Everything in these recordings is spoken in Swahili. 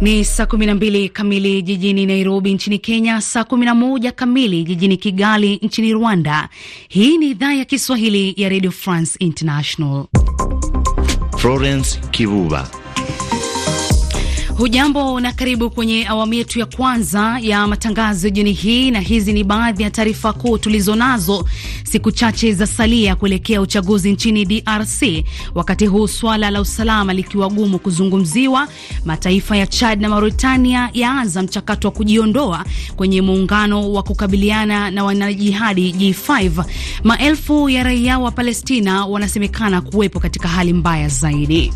Ni saa 12 kamili jijini Nairobi nchini Kenya, saa 11 kamili jijini Kigali nchini Rwanda. Hii ni idhaa ya Kiswahili ya Radio France International. Florence Kivuva. Hujambo na karibu kwenye awamu yetu ya kwanza ya matangazo jioni hii, na hizi ni baadhi ya taarifa kuu tulizo nazo siku chache za salia kuelekea uchaguzi nchini DRC, wakati huu swala la usalama likiwa gumu kuzungumziwa, mataifa ya Chad na Mauritania yaanza mchakato wa kujiondoa kwenye muungano wa kukabiliana na wanajihadi G5. Maelfu ya raia wa Palestina wanasemekana kuwepo katika hali mbaya zaidi.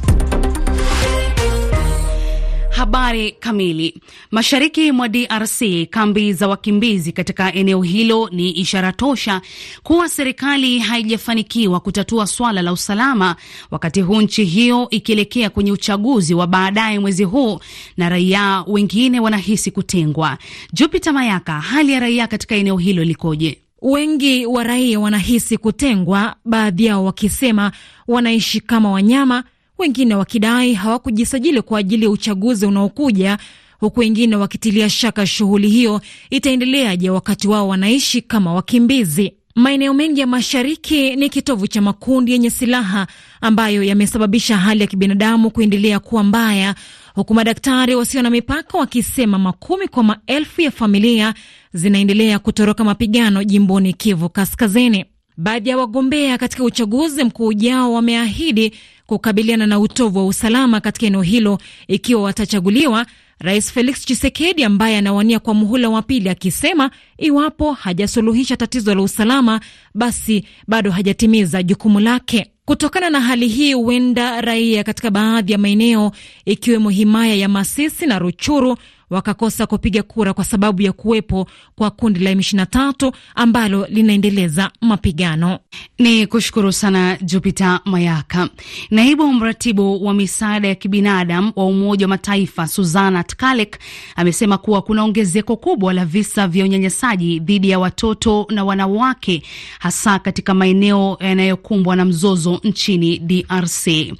Habari kamili. Mashariki mwa DRC, kambi za wakimbizi katika eneo hilo ni ishara tosha kuwa serikali haijafanikiwa kutatua swala la usalama, wakati huu nchi hiyo ikielekea kwenye uchaguzi wa baadaye mwezi huu na raia wengine wanahisi kutengwa. jupita Mayaka, hali ya raia katika eneo hilo likoje? Wengi wa raia wanahisi kutengwa, baadhi yao wakisema wanaishi kama wanyama wengine wakidai hawakujisajili kwa ajili ya uchaguzi unaokuja, huku wengine wakitilia shaka shughuli hiyo itaendeleaje wakati wao wanaishi kama wakimbizi. Maeneo mengi ya mashariki ni kitovu cha makundi yenye silaha ambayo yamesababisha hali ya kibinadamu kuendelea kuwa mbaya, huku madaktari wasio na mipaka wakisema makumi kwa maelfu ya familia zinaendelea kutoroka mapigano jimboni Kivu Kaskazini. Baadhi ya wagombea katika uchaguzi mkuu ujao wameahidi kukabiliana na utovu wa usalama katika eneo hilo ikiwa watachaguliwa, Rais Felix Tshisekedi ambaye anawania kwa muhula wa pili akisema iwapo hajasuluhisha tatizo la usalama, basi bado hajatimiza jukumu lake. Kutokana na hali hii, huenda raia katika baadhi ya maeneo ikiwemo himaya ya Masisi na Ruchuru wakakosa kupiga kura kwa sababu ya kuwepo kwa kundi la M23 ambalo linaendeleza mapigano. Ni kushukuru sana Jupiter Mayaka. Naibu mratibu wa misaada ya kibinadamu wa Umoja wa Mataifa Suzana Tkalek amesema kuwa kuna ongezeko kubwa la visa vya unyanyasaji dhidi ya watoto na wanawake hasa katika maeneo yanayokumbwa na mzozo nchini DRC.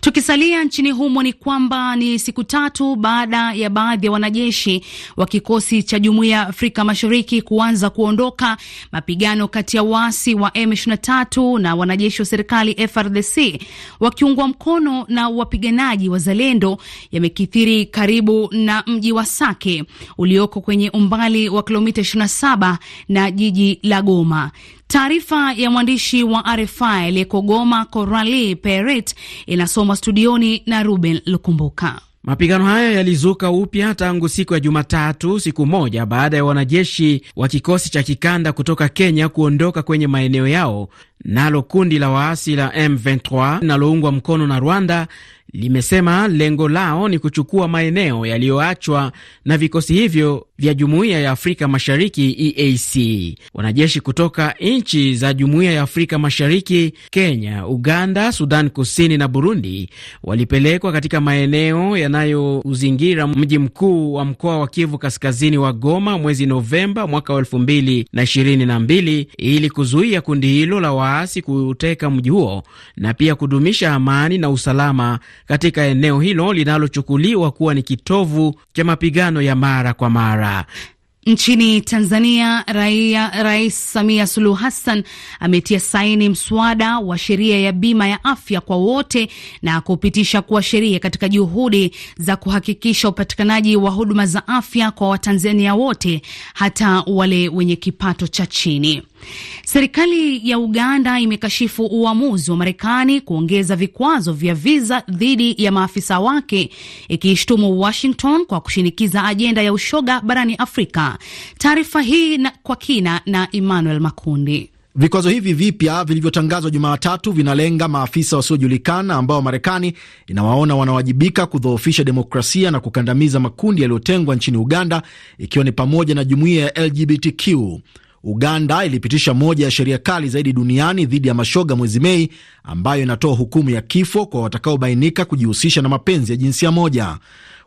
Tukisalia nchini humo, ni kwamba ni siku tatu baada ya baadhi ya wanajeshi wa kikosi cha Jumuiya ya Afrika Mashariki kuanza kuondoka, mapigano kati ya waasi wa M23 na wanajeshi wa serikali FRDC wakiungwa mkono na wapiganaji wazalendo yamekithiri karibu na mji wa Sake ulioko kwenye umbali wa kilomita 27 na jiji la Goma. Taarifa ya mwandishi wa RFI aliyeko Goma, Corali Peret, inasoma studioni na Ruben Lukumbuka. Mapigano hayo yalizuka upya tangu siku ya Jumatatu, siku moja baada ya wanajeshi wa kikosi cha kikanda kutoka Kenya kuondoka kwenye maeneo yao, nalo kundi la waasi la M23 linaloungwa mkono na Rwanda limesema lengo lao ni kuchukua maeneo yaliyoachwa na vikosi hivyo vya Jumuiya ya Afrika Mashariki EAC. Wanajeshi kutoka nchi za Jumuiya ya Afrika Mashariki, Kenya, Uganda, Sudan Kusini na Burundi walipelekwa katika maeneo yanayouzingira mji mkuu wa mkoa wa Kivu Kaskazini wa Goma mwezi Novemba mwaka wa elfu mbili na ishirini na mbili ili kuzuia kundi hilo la waasi kuteka mji huo na pia kudumisha amani na usalama katika eneo hilo linalochukuliwa kuwa ni kitovu cha mapigano ya mara kwa mara. Nchini Tanzania, raia, Rais Samia Suluhu Hassan ametia saini mswada wa sheria ya bima ya afya kwa wote na kupitisha kuwa sheria katika juhudi za kuhakikisha upatikanaji wa huduma za afya kwa Watanzania wote hata wale wenye kipato cha chini. Serikali ya Uganda imekashifu uamuzi wa Marekani kuongeza vikwazo vya viza dhidi ya maafisa wake, ikiishtumu Washington kwa kushinikiza ajenda ya ushoga barani Afrika. Taarifa hii na kwa kina na Emmanuel Makundi. Vikwazo hivi vipya vilivyotangazwa Jumatatu vinalenga maafisa wasiojulikana ambao Marekani inawaona wanawajibika kudhoofisha demokrasia na kukandamiza makundi yaliyotengwa nchini Uganda, ikiwa ni pamoja na jumuiya ya LGBTQ. Uganda ilipitisha moja ya sheria kali zaidi duniani dhidi ya mashoga mwezi Mei, ambayo inatoa hukumu ya kifo kwa watakaobainika kujihusisha na mapenzi ya jinsia moja.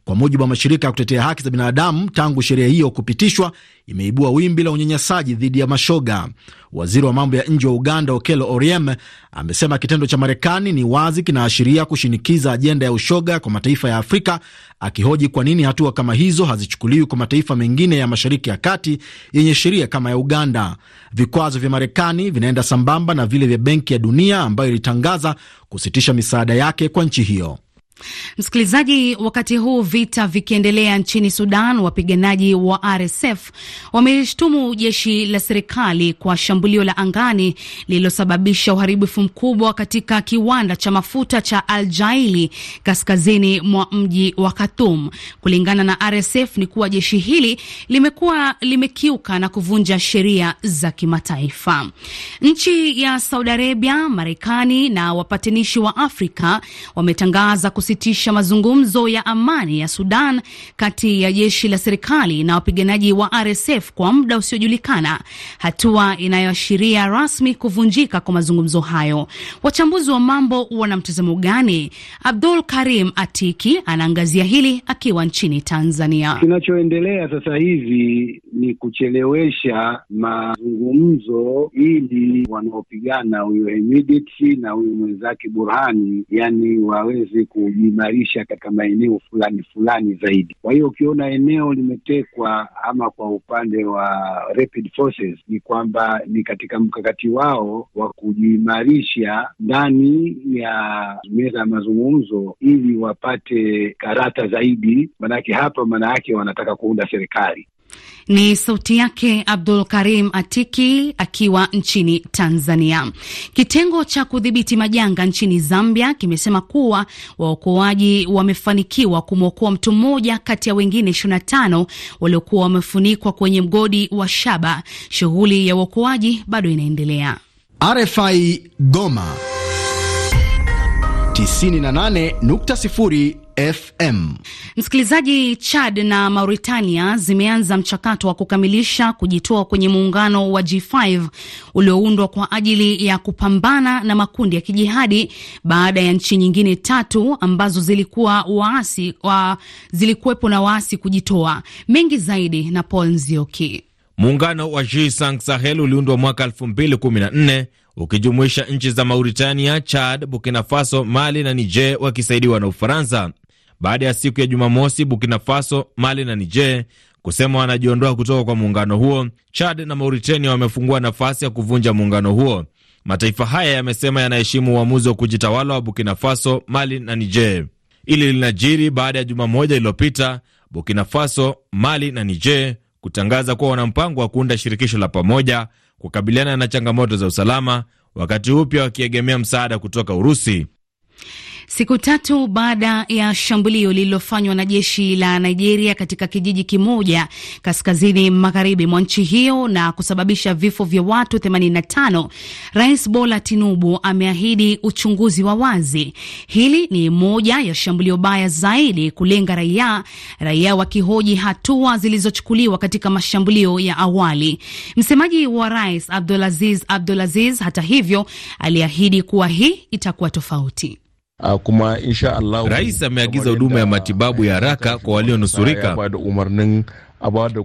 Kwa mujibu wa mashirika ya kutetea haki za binadamu, tangu sheria hiyo kupitishwa imeibua wimbi la unyanyasaji dhidi ya mashoga. Waziri wa mambo ya nje wa Uganda, Okello Oryem, amesema kitendo cha Marekani ni wazi kinaashiria kushinikiza ajenda ya ushoga kwa mataifa ya Afrika, akihoji kwa nini hatua kama hizo hazichukuliwi kwa mataifa mengine ya Mashariki ya Kati yenye sheria kama ya Uganda. Vikwazo vya Marekani vinaenda sambamba na vile vya Benki ya Dunia ambayo ilitangaza kusitisha misaada yake kwa nchi hiyo. Msikilizaji, wakati huu vita vikiendelea nchini Sudan, wapiganaji wa RSF wameshtumu jeshi la serikali kwa shambulio la angani lililosababisha uharibifu mkubwa katika kiwanda cha mafuta cha Al Jaili kaskazini mwa mji wa Khartoum. Kulingana na RSF ni kuwa jeshi hili limekuwa limekiuka na kuvunja sheria za kimataifa. Nchi ya Saudi Arabia, Marekani na wapatanishi wa Afrika wametangaza kusitisha mazungumzo ya amani ya Sudan kati ya jeshi la serikali na wapiganaji wa RSF kwa muda usiojulikana, hatua inayoashiria rasmi kuvunjika kwa mazungumzo hayo. Wachambuzi wa mambo wana mtazamo gani? Abdul Karim Atiki anaangazia hili akiwa nchini Tanzania. Kinachoendelea sasa hivi ni kuchelewesha mazungumzo ili wanaopigana huyu Hemedti na huyu mwenzake Burhani, yani waweze ku kujiimarisha katika maeneo fulani fulani zaidi. Kwa hiyo ukiona eneo limetekwa ama kwa upande wa Rapid Forces, ni kwamba ni katika mkakati wao wa kujiimarisha ndani ya meza ya mazungumzo ili wapate karata zaidi, manake hapa, maana yake wanataka kuunda serikali. Ni sauti yake Abdul Karim Atiki akiwa nchini Tanzania. Kitengo cha kudhibiti majanga nchini Zambia kimesema kuwa waokoaji wamefanikiwa kumwokoa mtu mmoja kati ya wengine 25 waliokuwa wamefunikwa kwenye mgodi wa shaba. Shughuli ya uokoaji bado inaendelea. RFI Goma 98.0 FM. Msikilizaji, Chad na Mauritania zimeanza mchakato wa kukamilisha kujitoa kwenye muungano wa G5 ulioundwa kwa ajili ya kupambana na makundi ya kijihadi baada ya nchi nyingine tatu ambazo zilikuwa waasi wa, zilikuwepo na waasi kujitoa. Mengi zaidi na Paul Nzioki. Muungano wa G5 Sahel uliundwa mwaka 2014 ukijumuisha nchi za Mauritania, Chad, Burkina Faso, Mali na Niger wakisaidiwa na Ufaransa baada ya siku ya Jumamosi Burkina Faso, Mali na Niger kusema wanajiondoa kutoka kwa muungano huo. Chad na Mauritania wamefungua nafasi ya kuvunja muungano huo. Mataifa haya yamesema yanaheshimu uamuzi wa kujitawala wa Burkina Faso, Mali na Niger. Ili linajiri baada ya juma moja iliyopita Burkina Faso, Mali na Niger kutangaza kuwa wana mpango wa kuunda shirikisho la pamoja kukabiliana na changamoto za usalama, wakati upya wakiegemea msaada kutoka Urusi. Siku tatu baada ya shambulio lililofanywa na jeshi la Nigeria katika kijiji kimoja kaskazini magharibi mwa nchi hiyo na kusababisha vifo vya watu 85, Rais Bola Tinubu ameahidi uchunguzi wa wazi. Hili ni moja ya shambulio baya zaidi kulenga raia, raia wakihoji hatua zilizochukuliwa katika mashambulio ya awali. Msemaji wa rais Abdulaziz Abdulaziz, hata hivyo, aliahidi kuwa hii itakuwa tofauti. Uh, kuma insha Allah rais ameagiza huduma ya matibabu ya haraka kwa walionusurika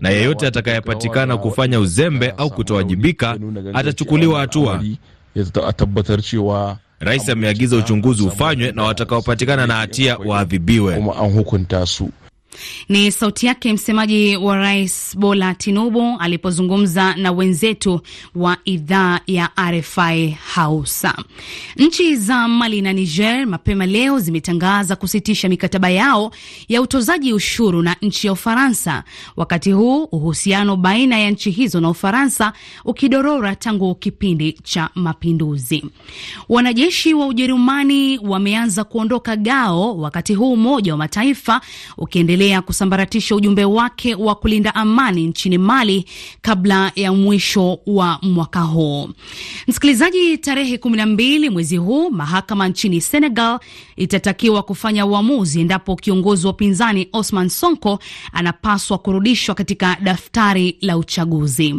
na yeyote atakayepatikana kufanya uzembe au kutowajibika atachukuliwa hatua. Rais ameagiza uchunguzi ufanywe na watakaopatikana na hatia waadhibiwe. Ni sauti yake msemaji wa rais Bola Tinubu alipozungumza na wenzetu wa idhaa ya RFI Hausa. Nchi za Mali na Niger mapema leo zimetangaza kusitisha mikataba yao ya utozaji ushuru na nchi ya Ufaransa, wakati huu uhusiano baina ya nchi hizo na Ufaransa ukidorora tangu kipindi cha mapinduzi. Wanajeshi wa Ujerumani wameanza kuondoka Gao, wakati huu Umoja wa Mataifa ukiendelea anaendelea kusambaratisha ujumbe wake wa kulinda amani nchini Mali kabla ya mwisho wa mwaka huu. Msikilizaji, tarehe kumi na mbili mwezi huu mahakama nchini Senegal itatakiwa kufanya uamuzi endapo kiongozi wa upinzani Osman Sonko anapaswa kurudishwa katika daftari la uchaguzi.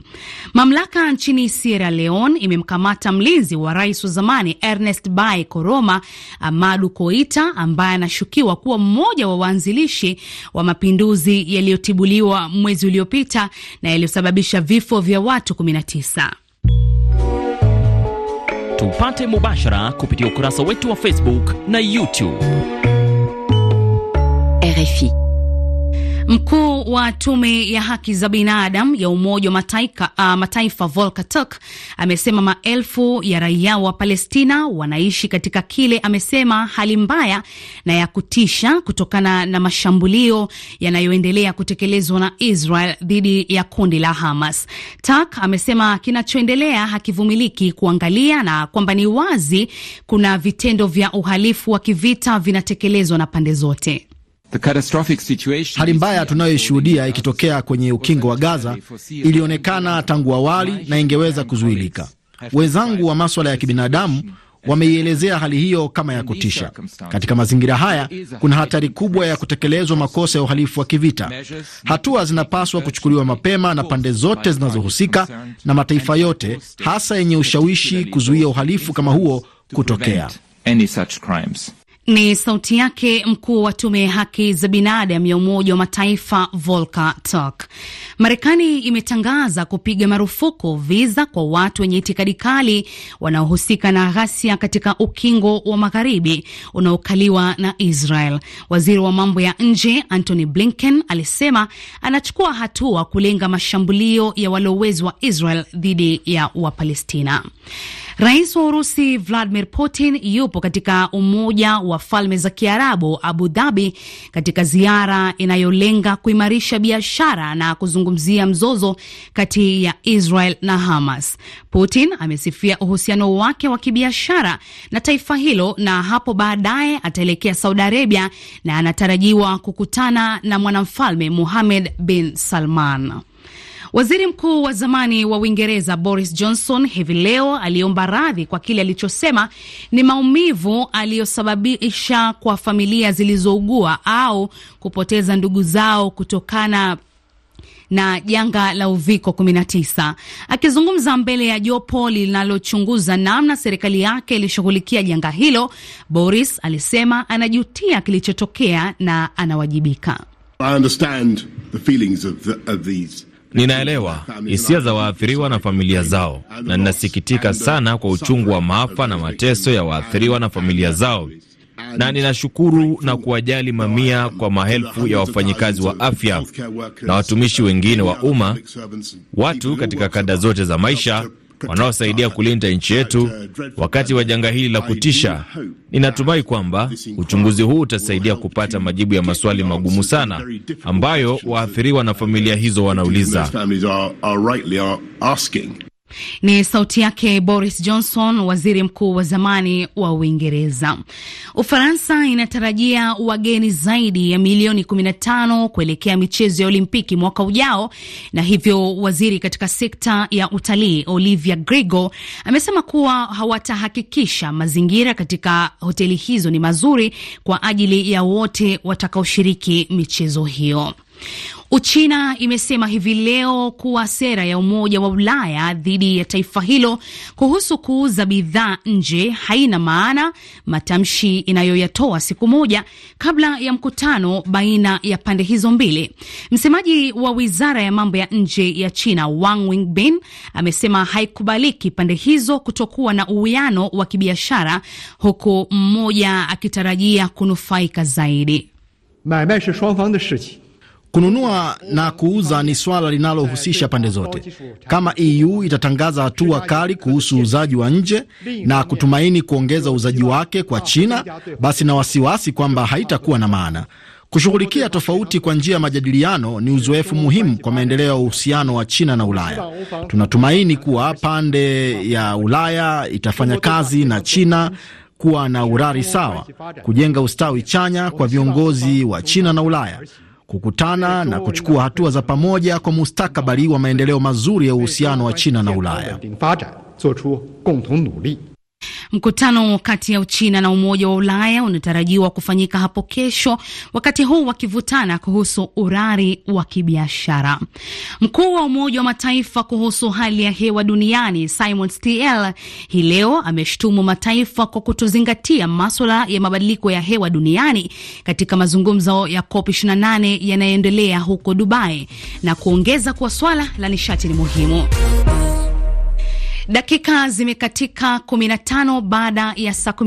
Mamlaka nchini Sierra Leone imemkamata mlinzi wa rais wa zamani Ernest Bai Koroma Amadu Koita ambaye anashukiwa kuwa mmoja wa waanzilishi wa mapinduzi yaliyotibuliwa mwezi uliopita na yaliyosababisha vifo vya watu 19. Tupate mubashara kupitia ukurasa wetu wa Facebook na YouTube. RFI. Mkuu wa tume ya haki za binadamu ya Umoja wa Mataifa, uh, Mataifa Volker Turk amesema maelfu ya raia wa Palestina wanaishi katika kile amesema hali mbaya na ya kutisha kutokana na mashambulio yanayoendelea kutekelezwa na Israel dhidi ya kundi la Hamas. Turk amesema kinachoendelea hakivumiliki kuangalia na kwamba ni wazi kuna vitendo vya uhalifu wa kivita vinatekelezwa na pande zote. Hali mbaya tunayoishuhudia ikitokea kwenye ukingo wa Gaza ilionekana tangu awali na ingeweza kuzuilika. Wenzangu wa maswala ya kibinadamu wameielezea hali hiyo kama ya kutisha. Katika mazingira haya, kuna hatari kubwa ya kutekelezwa makosa ya uhalifu wa kivita. Hatua zinapaswa kuchukuliwa mapema na pande zote zinazohusika na mataifa yote, hasa yenye ushawishi, kuzuia uhalifu kama huo kutokea. Ni sauti yake mkuu wa tume ya haki za binadamu ya Umoja wa Mataifa Volker Turk. Marekani imetangaza kupiga marufuku viza kwa watu wenye itikadi kali wanaohusika na ghasia katika ukingo wa magharibi unaokaliwa na Israel. Waziri wa mambo ya nje Antony Blinken alisema anachukua hatua kulenga mashambulio ya walowezi wa Israel dhidi ya Wapalestina. Rais wa Urusi Vladimir Putin yupo katika Umoja wa wa Falme za Kiarabu, Abu Dhabi, katika ziara inayolenga kuimarisha biashara na kuzungumzia mzozo kati ya Israel na Hamas. Putin amesifia uhusiano wake wa kibiashara na taifa hilo na hapo baadaye ataelekea Saudi Arabia na anatarajiwa kukutana na mwanamfalme Mohammed bin Salman. Waziri mkuu wa zamani wa Uingereza Boris Johnson hivi leo aliomba radhi kwa kile alichosema ni maumivu aliyosababisha kwa familia zilizougua au kupoteza ndugu zao kutokana na janga la uviko 19. Akizungumza mbele ya jopo linalochunguza namna serikali yake ilishughulikia janga hilo, Boris alisema anajutia kilichotokea na anawajibika. I understand the feelings of, the, of these Ninaelewa hisia za waathiriwa na familia zao, na ninasikitika sana kwa uchungu wa maafa na mateso ya waathiriwa na familia zao, na ninashukuru na kuwajali mamia kwa maelfu ya wafanyikazi wa afya na watumishi wengine wa umma, watu katika kada zote za maisha wanaosaidia kulinda nchi yetu wakati wa janga hili la kutisha. Ninatumai kwamba uchunguzi huu utasaidia kupata majibu ya maswali magumu sana ambayo waathiriwa na familia hizo wanauliza. Ni sauti yake Boris Johnson, waziri mkuu wa zamani wa Uingereza. Ufaransa inatarajia wageni zaidi ya milioni 15 kuelekea michezo ya Olimpiki mwaka ujao, na hivyo waziri katika sekta ya utalii Olivia Grigo amesema kuwa hawatahakikisha mazingira katika hoteli hizo ni mazuri kwa ajili ya wote watakaoshiriki michezo hiyo. Uchina imesema hivi leo kuwa sera ya Umoja wa Ulaya dhidi ya taifa hilo kuhusu kuuza bidhaa nje haina maana, matamshi inayoyatoa siku moja kabla ya mkutano baina ya pande hizo mbili. Msemaji wa wizara ya mambo ya nje ya China Wang amesema haikubaliki pande hizo kutokuwa na uwiano wa kibiashara, huku mmoja akitarajia kunufaika zaidi. Kununua na kuuza ni swala linalohusisha pande zote. Kama EU itatangaza hatua kali kuhusu uuzaji wa nje na kutumaini kuongeza uuzaji wake kwa China, basi na wasiwasi kwamba haitakuwa na maana. Kushughulikia tofauti kwa njia ya majadiliano ni uzoefu muhimu kwa maendeleo ya uhusiano wa China na Ulaya. Tunatumaini kuwa pande ya Ulaya itafanya kazi na China kuwa na urari sawa, kujenga ustawi chanya kwa viongozi wa China na Ulaya kukutana na kuchukua hatua za pamoja kwa mustakabali wa maendeleo mazuri ya uhusiano wa China na Ulaya. Mkutano kati ya Uchina na Umoja wa Ulaya unatarajiwa kufanyika hapo kesho, wakati huu wakivutana kuhusu urari wa kibiashara. Mkuu wa Umoja wa Mataifa kuhusu hali ya hewa duniani Simon Stiel hii leo ameshtumu mataifa kwa kutozingatia maswala ya mabadiliko ya hewa duniani katika mazungumzo ya COP 28 yanayoendelea huko Dubai na kuongeza kuwa swala la nishati ni muhimu. Dakika zimekatika 15 baada ya saa